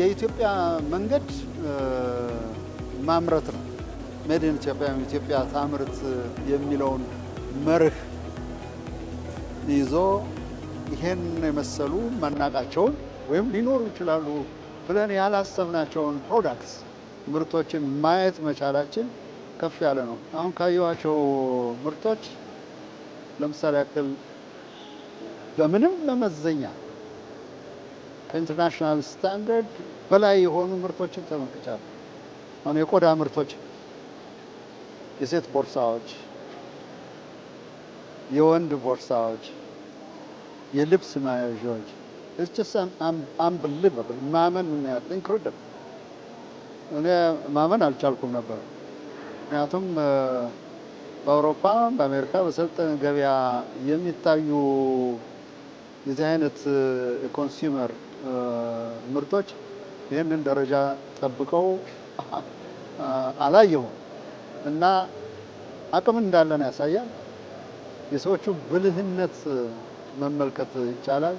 የኢትዮጵያ መንገድ ማምረት ነው። ሜድን ኢትዮጵያ ኢትዮጵያ ታምርት የሚለውን መርህ ይዞ ይሄን የመሰሉ መናቃቸውን ወይም ሊኖሩ ይችላሉ ብለን ያላሰብናቸውን ፕሮዳክትስ ምርቶችን ማየት መቻላችን ከፍ ያለ ነው። አሁን ካየኋቸው ምርቶች ለምሳሌ ያክል በምንም መመዘኛ ከኢንተርናሽናል ስታንዳርድ በላይ የሆኑ ምርቶችን ተመልክቻለሁ። አሁን የቆዳ ምርቶች፣ የሴት ቦርሳዎች፣ የወንድ ቦርሳዎች፣ የልብስ መያዣዎች አንብሊቨብል ማመን ኢንክሪዲብል እኔ ማመን አልቻልኩም ነበር። ምክንያቱም በአውሮፓ በአሜሪካ በሰልጠነ ገበያ የሚታዩ የዚህ አይነት ኮንሱመር ምርቶች ይህንን ደረጃ ጠብቀው አላየሁም እና አቅም እንዳለን ያሳያል። የሰዎቹ ብልህነት መመልከት ይቻላል።